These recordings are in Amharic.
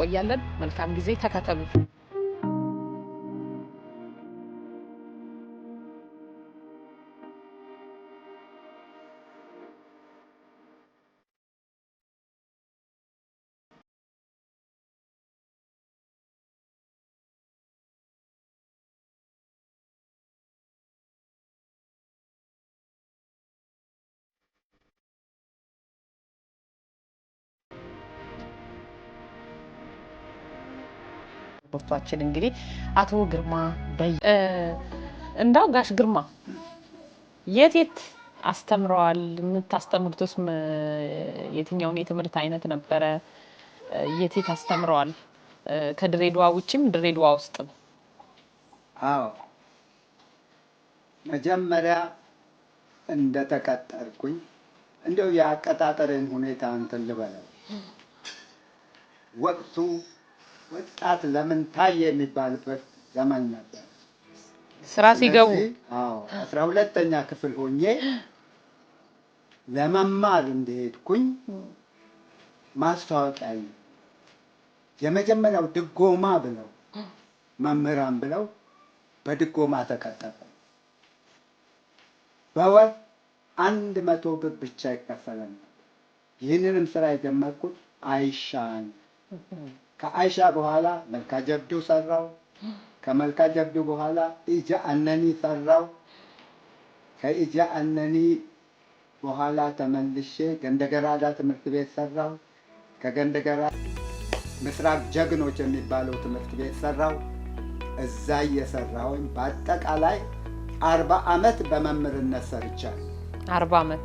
እንቆያለን። መልካም ጊዜ ተከተሉ። ቦታችን እንግዲህ አቶ ግርማ በይ እንዳው ጋሽ ግርማ የት የት አስተምረዋል? የምታስተምሩትስ የትኛውን የትምህርት አይነት ነበረ? የት የት አስተምረዋል? ከድሬዳዋ ውጭም ድሬዳዋ ውስጥ ነው? አዎ መጀመሪያ እንደተቀጠርኩኝ እንዲያው የአቀጣጠርን ሁኔታ እንትን ልበለው ወቅቱ ወጣት ለምን ታየ የሚባልበት ዘመን ነበር። ስራ ሲገቡ አስራ ሁለተኛ ክፍል ሆኜ ለመማር እንደሄድኩኝ ማስታወቂያ የመጀመሪያው ድጎማ ብለው መምህራን ብለው በድጎማ ተቀጠፈ። በወር አንድ መቶ ብር ብቻ ይከፈለናል። ይህንንም ስራ የጀመርኩት አይሻን ከአይሻ በኋላ መልካ ጀብዱ ሰራው። ከመልካ ጀብዱ በኋላ ኢጃ አነኒ ሰራው። ከኢጃ አነኒ በኋላ ተመልሼ ገንደገራዳ ትምህርት ቤት ሰራው። ከገንደገራ ምስራቅ ጀግኖች የሚባለው ትምህርት ቤት ሰራው። እዛ እየሰራሁኝ በአጠቃላይ አርባ ዓመት በመምህርነት ሰርቻለሁ። አርባ ዓመት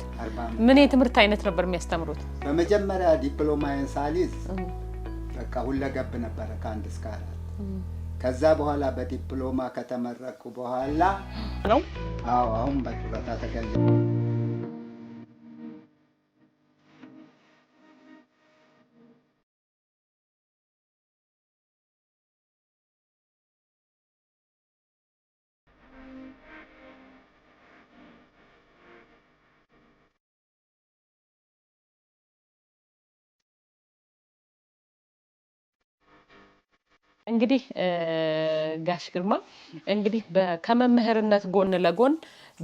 ምን የትምህርት አይነት ነበር የሚያስተምሩት? በመጀመሪያ ዲፕሎማዬን ሳሊዝ በቃ ሁለገብ ነበረ ከአንድ እስከ አራት ከዛ በኋላ በዲፕሎማ ከተመረቁ በኋላ ነው። አዎ አሁን በጡረታ ተገኘ። እንግዲህ ጋሽ ግርማ እንግዲህ ከመምህርነት ጎን ለጎን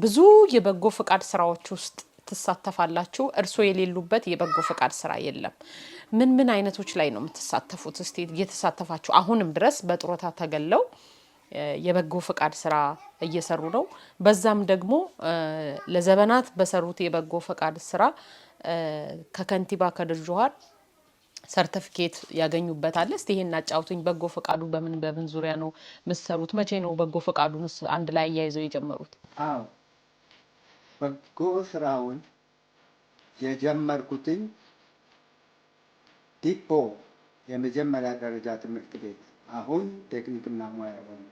ብዙ የበጎ ፈቃድ ስራዎች ውስጥ ትሳተፋላችሁ። እርስዎ የሌሉበት የበጎ ፈቃድ ስራ የለም። ምን ምን አይነቶች ላይ ነው የምትሳተፉት? እስቲ እየተሳተፋችሁ አሁንም ድረስ በጡረታ ተገለው የበጎ ፈቃድ ስራ እየሰሩ ነው። በዛም ደግሞ ለዘመናት በሰሩት የበጎ ፈቃድ ስራ ከከንቲባ ከድርጅዋር ሰርተፊኬት ያገኙበት አለ። እስቲ ይሄን አጫውቱኝ። በጎ ፈቃዱ በምን በምን ዙሪያ ነው የምትሰሩት? መቼ ነው በጎ ፈቃዱን አንድ ላይ እያይዘው የጀመሩት? አዎ በጎ ስራውን የጀመርኩትኝ ዲፖ የመጀመሪያ ደረጃ ትምህርት ቤት አሁን ቴክኒክና ሙያ ሆነ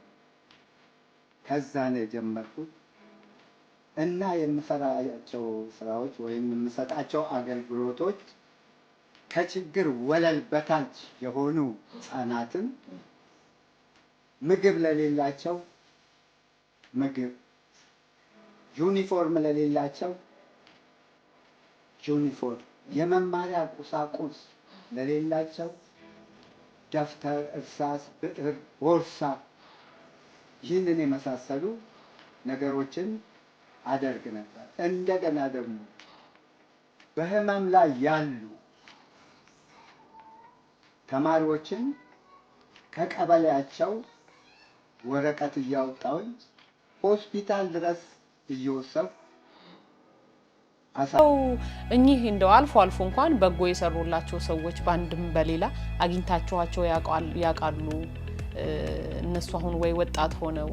ከዛ ነው የጀመርኩት እና የምሰራቸው ስራዎች ወይም የምሰጣቸው አገልግሎቶች ከችግር ወለል በታች የሆኑ ህጻናትን ምግብ ለሌላቸው ምግብ፣ ዩኒፎርም ለሌላቸው ዩኒፎርም፣ የመማሪያ ቁሳቁስ ለሌላቸው ደብተር፣ እርሳስ፣ ብዕር፣ ቦርሳ ይህንን የመሳሰሉ ነገሮችን አደርግ ነበር። እንደገና ደግሞ በህመም ላይ ያሉ ተማሪዎችን ከቀበሌያቸው ወረቀት እያወጣሁኝ ሆስፒታል ድረስ እየወሰው ሰው እኚህ እንደው አልፎ አልፎ እንኳን በጎ የሰሩላቸው ሰዎች በአንድም በሌላ አግኝታችኋቸው ያውቃሉ? እነሱ አሁን ወይ ወጣት ሆነው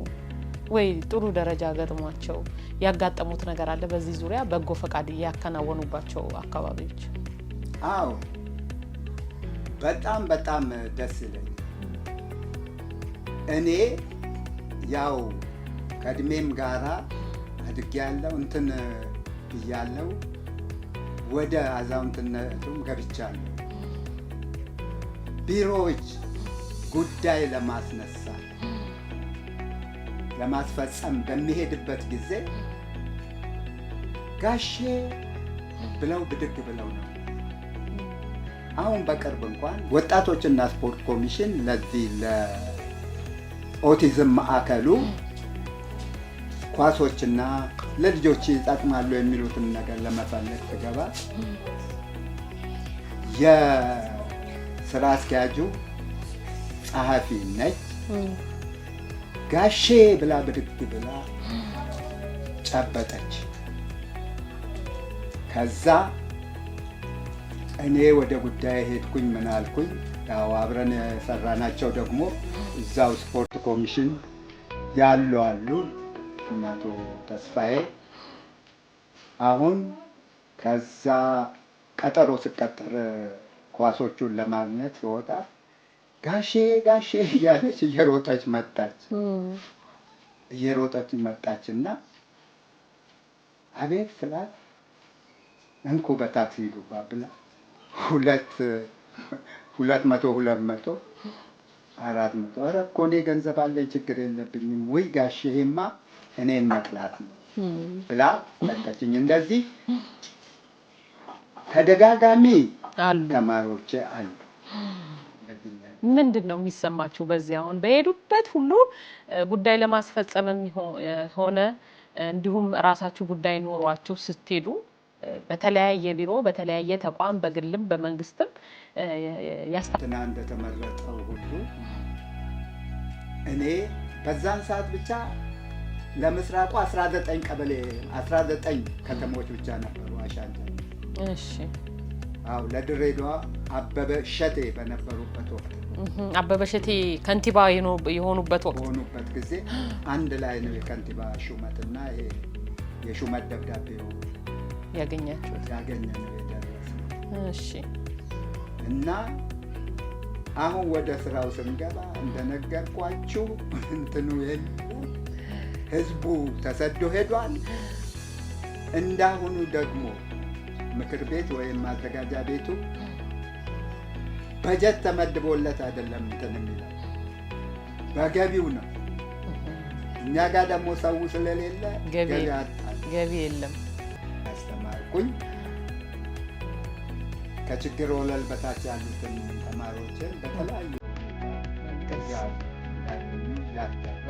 ወይ ጥሩ ደረጃ ገጥሟቸው ያጋጠሙት ነገር አለ? በዚህ ዙሪያ በጎ ፈቃድ ያከናወኑባቸው አካባቢዎች? አዎ በጣም በጣም ደስ ይለኝ። እኔ ያው ከእድሜም ጋራ አድጌ ያለው እንትን እያለው ወደ አዛውንትነቱም ገብቻለሁ። ቢሮዎች ጉዳይ ለማስነሳ ለማስፈጸም በሚሄድበት ጊዜ ጋሼ ብለው ብድግ ብለው ነው አሁን በቅርብ እንኳን ወጣቶችና ስፖርት ኮሚሽን ለዚህ ለኦቲዝም ማዕከሉ ኳሶችና ለልጆች ይጠቅማሉ የሚሉትን ነገር ለመፈለግ ስገባ የስራ አስኪያጁ ጸሐፊ ነች። ጋሼ ብላ ብድግ ብላ ጨበጠች። ከዛ እኔ ወደ ጉዳይ ሄድኩኝ። ምን አልኩኝ? ያው አብረን የሰራናቸው ደግሞ እዛው ስፖርት ኮሚሽን ያሉ አሉ እና አቶ ተስፋዬ አሁን ከዛ ቀጠሮ ስቀጠር ኳሶቹን ለማግኘት ወጣ ጋሼ ጋሼ እያለች እየሮጠች መጣች እየሮጠች መጣች እና አቤት ስላት እንኩ በታክሲ ይሉባ ብላ ሁለት ሁለት መቶ ሁለት መቶ አራት መቶ ኧረ እኮ እኔ ገንዘብ አለኝ ችግር የለብኝም። ወይ ጋሼ ይሄማ እኔን መቅላት ነው ብላ መጣችኝ። እንደዚህ ተደጋጋሚ ተማሪዎች አሉ። ምንድን ነው የሚሰማችሁ? በዚህ አሁን በሄዱበት ሁሉ ጉዳይ ለማስፈጸም ሆነ እንዲሁም ራሳችሁ ጉዳይ ኖሯችሁ ስትሄዱ በተለያየ ቢሮ በተለያየ ተቋም በግልም በመንግስትም ያስታና እንደተመረጠው ሁሉ እኔ በዛን ሰዓት ብቻ ለምስራቁ 19 ቀበሌ 19 ከተሞች ብቻ ነበሩ አሻንተ። እሺ አዎ፣ ለድሬዳዋ አበበ ሸቴ በነበሩበት ወቅት አበበ ሸቴ ከንቲባ የሆኑበት ወቅት የሆኑበት ጊዜ አንድ ላይ ነው የከንቲባ ሹመትና የሹመት ደብዳቤው ያገኛችሁት? እሺ። እና አሁን ወደ ስራው ስንገባ እንደነገርኳችሁ እንትኑ ህዝቡ ተሰዶ ሄዷል። እንዳሁኑ ደግሞ ምክር ቤት ወይም ማዘጋጃ ቤቱ በጀት ተመድቦለት አይደለም እንትን የሚለው በገቢው ነው። እኛ ጋር ደግሞ ሰው ስለሌለ ገቢ የለም። እያወቅኩኝ ከችግር ወለል በታች ያሉትን ተማሪዎችን በተለያዩ ያዳሩ